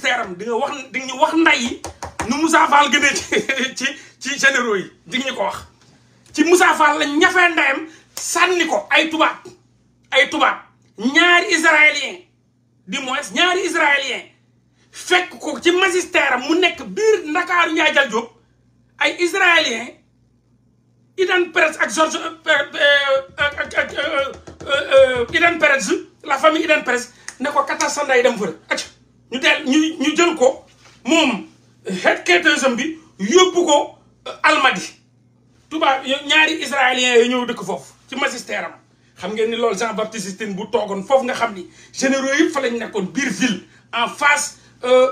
ministère am di nga di nga ñu wax nday yi nu Moussa Fall gënee ci ci généraux yi di ko wax ci Moussa Fall la ñafee ndeyam sànni ko ay tubaab ay tubaab ñaari israélien du moins ñaari israélien fekk ko ci magistère am mu nekk biir ndakaaru njaajal jóg ay israélien Idan Perez ak George euh, euh, euh, ak Idan Perez la famille Idan Perez ne ko katal sa ndey dem fële ñëw dëkk foofu ci magistère am xam ngeen ni loolu Jean Baptiste Tine bu toogoon foofu nga xam ni généraux yëpp fa lañ nekkoon biir ville en face euh,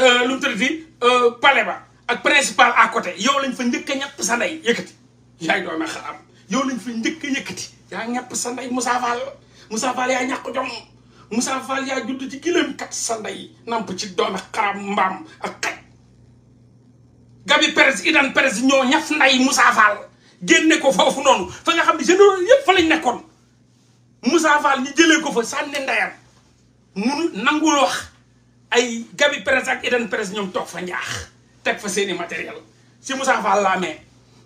euh, lu mu tëddati euh, palais ba ak principal à côté yow lañ fa njëkk a ñàpp sa ndey yëkkati yaay doome xalam yow lañ fa njëkk a yëkkati yaa ñàpp sa ndey Moussa Fall Moussa Fall yaa ñàkk jom Moussa Fall yaa judd ci kilam kat sa ndey namp ci doome xaram mbaam ak xaj Gabi Perez Idan Perez ñoo ñaf ndey Moussa Fall génne ko foofu noonu fa nga xam ne généraux yëpp fa lañ nekkoon Moussa Fall ñu jëlee ko fa sànni ndeyam munu wax ay Gabi Presse ak Eden ñoom toog fa njaax teg fa seeni matériel si Moussa Fall laa mee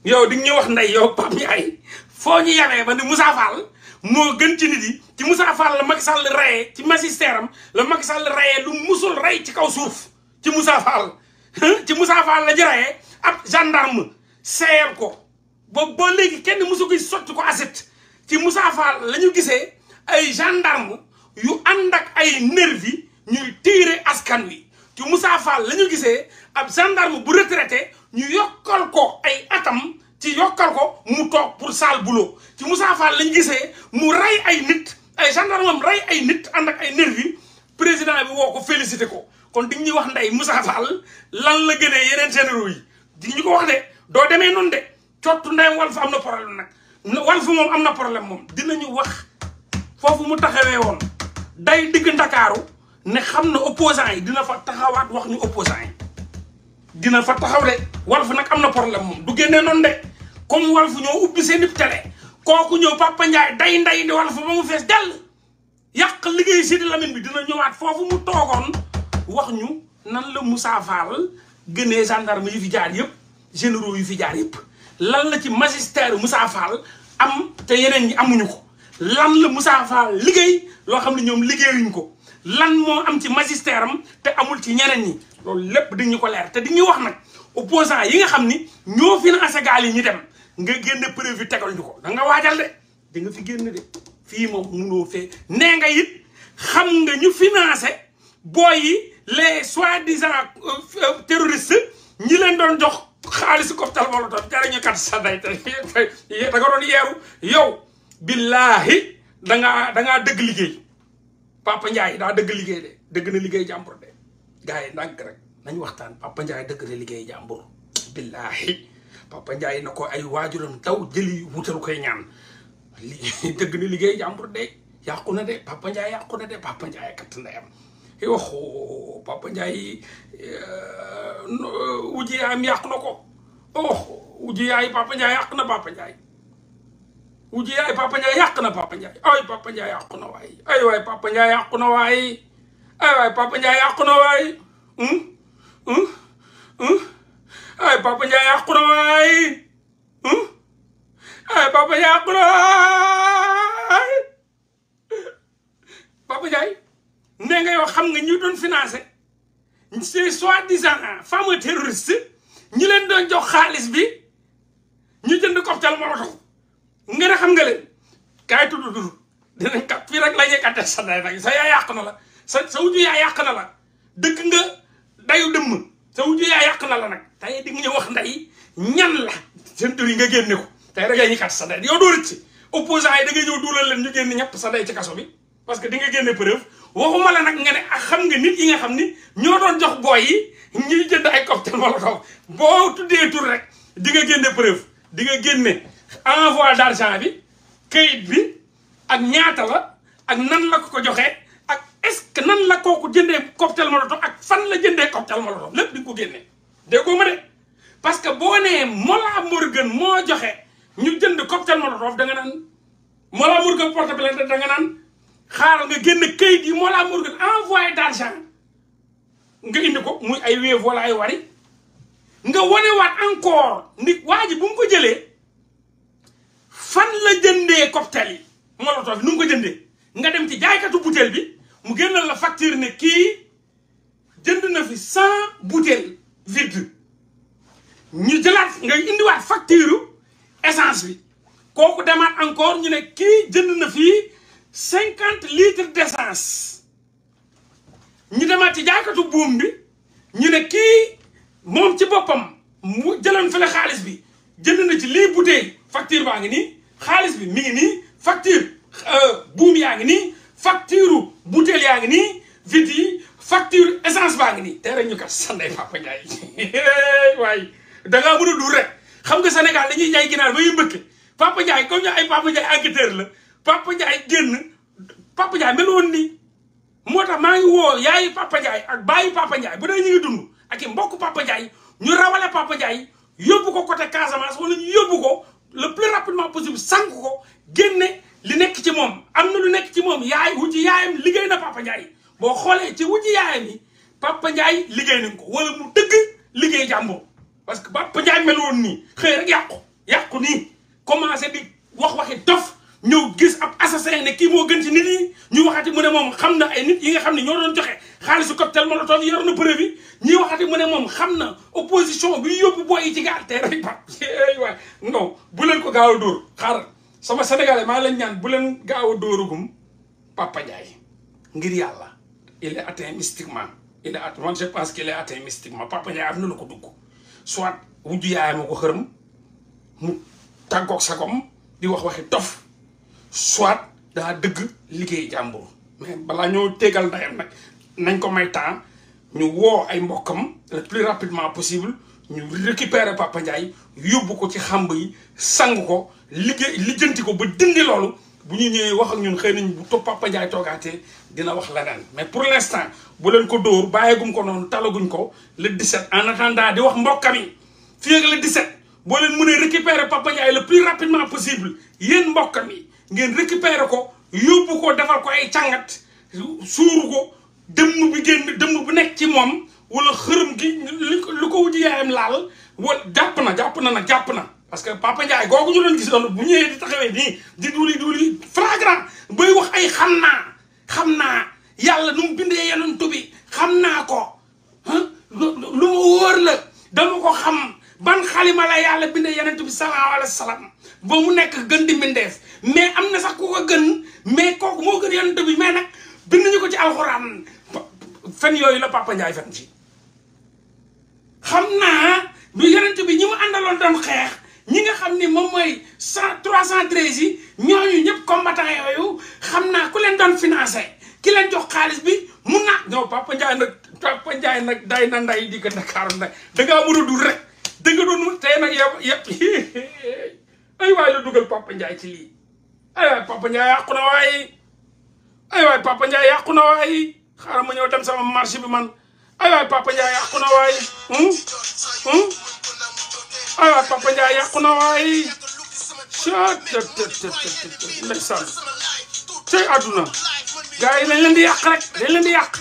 yow di ñu wax ndey yow Pape Ndiaye foo ñu yamee ba ni Moussa Fall moo gën ci ci Moussa Fall la Macky Sall ci magistère am la Macky Sall rayee lu musul rey ci kaw suuf ci Moussa Fall ci Moussa Fall la ji ab gendarme seeyal ko boobu ba léegi kenn mësu koy sotti ko aset ci Moussa Fall la ñu gisee ay gendarme yu ànd ak ay nervi ñuy tiire askan wi ci Moussa Fall la ñu gisee ab gendarme bu retraité ñu yokkal ko ay atam ci yokkal ko mu toog pour sale boulot ci Moussa Fall la ñu gisee mu rey ay nit ay gendarme am rey ay nit ànd ak ay nervi président bi woo ko félicité ko kon di ñuy wax ndey Moussa Fall lan la gënee yeneen généraux yi di ñu ko wax de doo demee noonu de cottu ndeyam Walf am na problème nag Walf moom am na problème moom dina dinañu wax foofu mu taxawee woon day digg ndakaaru ne xam na opposant yi dina fa taxawaat wax ñu opposant yi dina fa taxaw de fi nag am na problème moom du génne noonu de comme Walf ñoo ubbi seen i télé kooku ñëw Papa Ndiaye day nday di Walf ba mu fees dell yàq liggéey Sidi Lamine bi dina ñëwaat foofu mu toogoon wax ñu nan la Moussa Fall gënee gendarme yi fi jaar yëpp généraux yi fi jaar yëpp lan la ci magistère mussa Fall am te yeneen ñi amuñu ko lan la Moussa Fall liggéey loo xam ne ñoom liggéeyuñ ko lan moo am ci magistère am te amul ci ñeneen ñi loolu lépp di ñu ko leer te di ñuy wax nag opposant yi nga xam ni ñoo financé gaal yi ñu dem nga génn preuve yi tegal ñu ko danga nga waajal de di nga fi génn de fii moom munoo fee nee nga it xam nga ñu financé booy yi les soi-disant euh, euh, terroristes ñi leen doon jox xaalisu cocktail molotov jariñu kat sa day te da nga doon yeeru yow billaahi dangaa dangaa dëgg liggéey Papa Ndiaye daa dëgg liggéey de dëgg na liggéey jàmbur de gars yi ndànk rek nañ waxtaan Papa Ndiaye dëgg na liggéey jàmbur billaahi Papa Ndiaye na ko ay waajuram daw jëli wutal koy ñaan dëgg na liggéey jàmbur de yàqu na de Papa Ndiaye yàqu na de Papa Ndiaye kat ndeyam waxu Papa Ndiaye wujji eh, eh, yaayam yàq na ko oh wujji yaay Papa Ndiaye yàq na Papa Ndiaye wujji yaay Papa Ndiaye yàq na Papa Ndiaye ay Papa Ndiaye yàqu na waay ay waay Papa Ndiaye yàqu na ay waay Papa Ndiaye na waay ay hmm? hmm? hmm? ay Papa Ndiaye yàqu na waay Papa Ndiaye nee nga yow xam nga ñu doon financé ces soi-disant fameux terroriste ñi leen doon jox xaalis bi ñu jënd cocktail molotov nga ne xam nga leen kaay tudd tudd dinañ kat fii rek la kat kattee sa day nag sa yaay yàq na la sa sa wujju yaa yàq na la dëkk nga dayu dëmm sa wujju yaa yàq na la nag tey di nga ñu wax nday ñan la seen tur yi nga génne ko tey rek la ñuy katt sa day yow doo rëcc opposant yi da ngay ñëw duulal leen ñu génn ñepp sa day ci kaso bi parce que di nga génne preuve waxuma la nag nga ne ak ah, xam nga nit yi nga xam ni ñoo doon jox booy yi ñuy jënd ay cocktail molotov boo tuddee tur rek di nga génne preuve di nga génne envoi d'argent bi këyit bi ak ñaata la ak nan la ko ko joxe ak est-ce que nan la kooku jëndee cocktail molotov ak fan la jëndee cocktail molotov lépp di ko génne déggoo ma de parce que boo nee Mollah Morgun moo joxe ñu jënd cocktail molotov da nga naan Mollah Morgun porte plainte da nga naan xaaral nga génn kayit yi Mollah Morgun envoyé d'argent nga indi ko muy ay Wave wala ay Wari nga wanewaat encore nit waa ji bu mu ko jëlee fan la jëndee cocktail yi molotov yi nu mu ko jëndee nga dem ci jaaykatu butéel bi mu génnal la facture ne kii jënd na fi cent butéel vide ñu jëlaat nga indiwaat facture essence bi kooku demaat encore ñu ne kii jënd na fii cinquante litres d'essence ñu demaat ci jaakatu buum bi ñu ne kii moom ci boppam mu jëloon fële xaalis bi jënd na ci lii bouteille facture baa ngi nii xaalis bi mi ngi nii facture euh, buum yaa ngi nii facture bouteille yaa ngi nii vite yi facture essence baa ngi nii tey rek ñu kat sanday papa Ndiaye waaye dangaa mën a duur rek xam nga Sénégal dañuy jaay ginaar ba yu mbëkk papa Ndiaye comme ñu ay papa Ndiaye enquêteur la Papa Ndiaye génn Papa Ndiaye mel woon nii moo tax maa ngi woo yaayu Papa Ndiaye ak baayu Papa Ndiaye bu dee ñu ngi ak i mbokk Papa Ndiaye ñu rawale Papa Ndiaye yóbbu ko côté Casamance wala ñu yóbbu ko le plus rapidement possible sànq ko génne li nekk ci moom am na lu nekk ci moom yaay wujji yaayam liggéey na Papa Ndiaye boo xoolee ci wujji yaayam yi Papa Ndiaye liggéey nañ ko wala mu dëgg liggéey jàmbur parce que Papa Ndiaye mel woon nii xëy rek yàqu yàqu ni commencé di ñëw gis ab assassin ne kii moo gën ci nit yi ñu waxati mu ne moom xam na ay nit yi nga xam ne ñoo doon joxe xaalisu cocktail molotov yor na preuve yi ñuy waxati mu ne moom xam na opposition bi yóbbu booy yi ci gaal te rek ba waay non bu leen ko gaaw a dóor xaaral sama sénégalais maa bu leen gaaw a dóorugum Papa Ndiaye ngir yàlla il est atteint mystiquement il est atteint man je pense qu'il est am na lu ko dugg soit wujju yaayam a ko xërëm mu tàggoog sagom di wax waxi dof soit daa dëgg liggéey jàmbur mais balaa ñoo tegal ndayam nag nañ ko may temps ñu woo ay mbokkam le plus rapidement possible ñu récupérer Papa yóbbu ko ci xàmb yi sang ko liggéey lijjanti ko ba dindi loolu bu ñu ñëwee wax ak ñun xëy nañ bu topp Papa Ndiaye toogaatee dina wax leneen mais pour l'instant bu leen ko dóor bàyyeegum ko noonu talaguñ ko le 17 en attendant di wax mbokkam yi fii ak le 17 boo leen mënee récupérer Papa Ndiaye le plus rapidement possible yéen mbokkam yi ngeen récupérer ko yóbbu ko defal ko ay càngat suuru ko dëmm bi génn dëmm bu nekk ci moom wala xërëm gi lu ko wujj yaayam laal wala jàpp na jàpp na na jàpp na parce que Papa Ndiaye googu ñu doon gis doon bu ñëwee di taxawee nii di duuli duuli flagrant bay wax ay xam naa xam naa yàlla nu mu bindee yonent bi xam naa ko lu ma wóor la dama ko xam ban xalima la yàlla bindee yonent bi sallallahu alayhi wa ba mu nekk gën di mbindeef mais am na sax ku ko gën mais kooku moo gën yonent bi mais nag bind nañu ko ci alxuraan fen yooyu la Papa Ndiaye fen ci xam naa lu yonent bi ñi mu àndaloon doon xeex ñi nga xam ni moom mooy cent trois cent treize ñëpp combattant yooyu xam naa ku leen doon financé ki leen jox xaalis bi mun naa non Papa Ndiaye nag Papa Ndiaye nag day na nday di ko Dakar nag da ngaa a dul rek da nga doon tey nag yow yëpp ay waay la dugal Papa Ndiaye ci lii ay waay Papa Ndiaye yàqu na waaye ay waay Papa Ndiaye yàqu na waaye xaaral ma ñëw dem sama marché bi man ay waay Papa Ndiaye yàqu na waaye hmm? hmm? ay waay Papa Ndiaye yàqu na waaye ndeysaan tey àdduna gars yi dañ leen di yàq rek dañ leen di yàq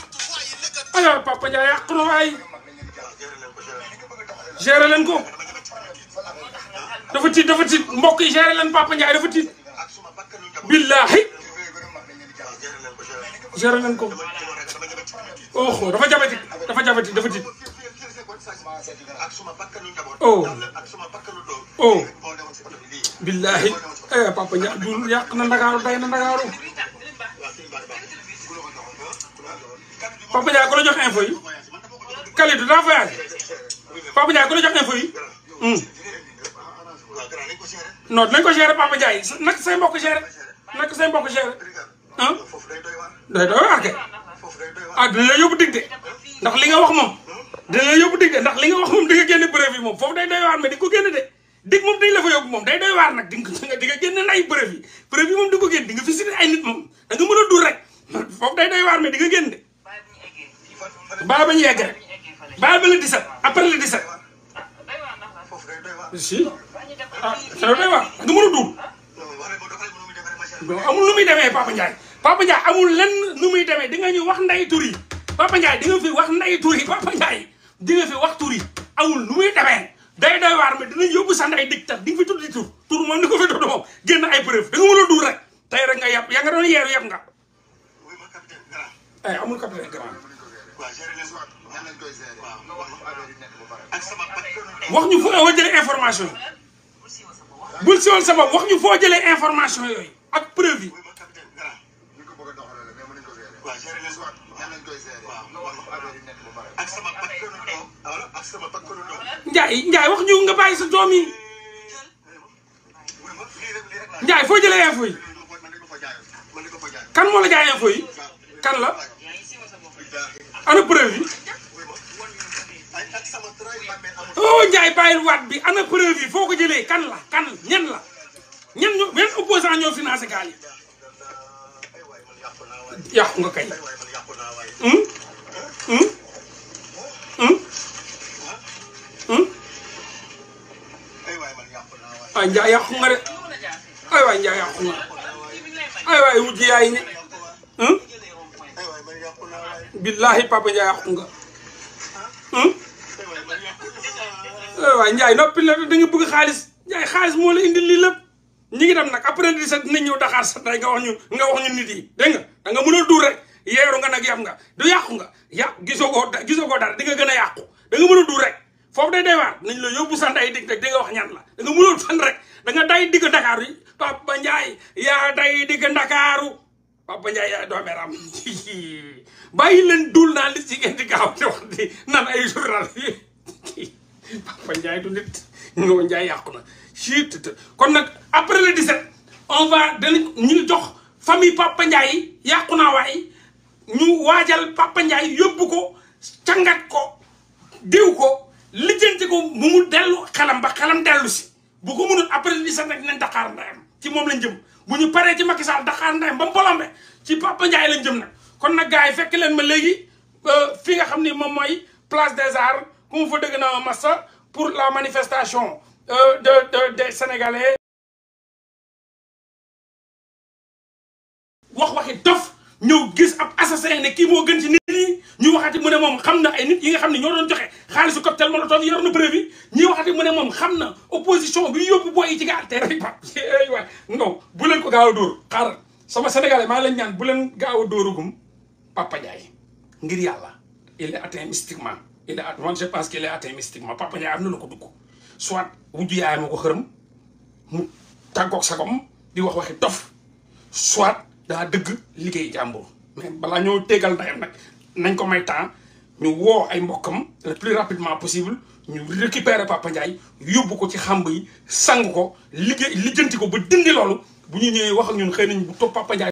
ay waay Papa Ndiaye yàqu na waaye géré leen ko dafa tiit dafa tiit mbokk yi géré leen Papa Ndiaye dafa tiit billahi géré leen ko oh dafa jabati dafa jabati dafa tiit oh oh billahi eh Papa Ndiaye du yàq na Ndakaaru day na Ndakaaru Papa Ndiaye ku la jox info yi Kalidou daa voyage Papa Ndiaye ku la jox info yi hmm. non dinañ ko gérer Papa Ndiaye naka say mbokk gérer naka say mbokk gérer ah day doy waar kay ah dina la yóbbu dig de ndax li nga wax moom dina li nga wax moom di nga génne bref yi moom foofu day doy waar mais di ko génne de dig moom dañ la fa yóbbu moom day doy waar nag di nga di nay bref yi moom di ko génne di nga visité ay nit moom da nga mën a dul rek foofu day doy waar mais di nga génne de baa ba ñu yegg rek baa ba le 17 après le 17 si ah c'est vrai waaw du mën a duul. amul nu muy demee Papa Ndiaye Papa Ndiaye amul lenn nu muy demee di nga ñu wax nday tur yi Papa Ndiaye di nga fi wax nday tur yi Papa Ndiaye di nga fi wax tur yi amul nu muy demee day doy waar mi dinañ yóbbu sa nday dëkk tax di nga fi tuddi tur tur moom ni ko fi tudd moom génn ay preuve da nga mën a duul rek tey rek nga yàpp yaa nga doon yeeru yàpp nga eh, wax ñu foo jëlee information yi bul siwal sa bopp wax ñu foo jëlee information yooyu ak preuve yi. Njaay Njaay wax ñu nga bàyyi sa doom yi Njaay foo jëlee info yi kan moo la jaay info yi kan la ana preuve yi. Ndiaye bàyyil waat bi ana preuve yi foo ko jëlee kan la kan ñen la ñen ñoo ñen opposant ñoo financé gaal yi yàqu nga kay hmm? Hmm? Hmm? ay Ndiaye yàqu nga de ay waay Ndiaye yàqu nga ay waay wujj yaay ñe billahi papa Ndiaye yàqu nga Eh, waaye Ndiaye noppi la da nga bëgg xaalis Ndiaye xaalis moo la indi lii lépp ñi ngi dem nag après di sa dina ñëw Dakar sa day nga wax ñu nga nit yi dégg nga da nga mën a duur rek yeeru nga nag yam nga du yàqu nga yàqu gisoo ko gisoo ko dara di nga gën a yàqu danga nga mën duur rek day day waar nañ la yóbbu sa nday dig rek di wax ñan la da nga mënul fan rek da nga day digg Dakar yi Papa Ndiaye yaa day digg Ndakaaru Papa Ndiaye yaa doomeram bàyyi leen dul naa li ci ngeen di gaaw di wax di nan ay journal yi Papa Ndiaye du nit yàqu na chut kon nag après le 17 on va danañ ñu jox famille Papa Ndiaye yàqu naa waay ñu waajal Papa Ndiaye yóbbu ko cangat ko diw ko lijjanti ko bu mu dellu xelam ba xelam dellu si bu ko mënul après le 17 nag dinañ Dakar ndayam ci moom lañ jëm bu ñu paree ci Macky Sall Dakar ndayam ba mu bolombe ci Papa Ndiaye lañ jëm nag kon nag gars yi fekk leen ma léegi euh, fi nga xam ni moom mooy place des arts qu'on veut devenir un massa pour la manifestation euh, de, de, des Sénégalais. wax waxi dof ñëw gis ab assassin ne kii moo gën ci nit ñi ñu waxati mu ne moom xam na ay nit yi nga xam ne ñoo doon joxe xaalisu cocktail molotov yor na preuve yi ñuy waxati mu ne moom xam na opposition bi yóbbu booy i ci gaal te rek ba waay non bu ko gaaw a dóor xaaral sama sénégalais maa leen ñaan bu leen gaaw a dóorugum Papa Ndiaye ngir yàlla il est atteint mystiquement il est man je pense qu'il est atteint mystiquement papa Ndiaye am na lu ko dugg soit wujju yaay ma ko xërëm mu tàggoog sagom di wax waxi dof soit daa dëgg liggéey jàmboo mais balaa ñoo tegal ndayam nag nañ ko may temps ñu woo ay mbokkam le plus rapidement possible ñu récupérer Papa Ndiaye yóbbu ko ci xàmb yi sang ko liggéey lijjanti ko ba dindi loolu bu ñu ñëwee wax ñun xëy nañ bu topp Papa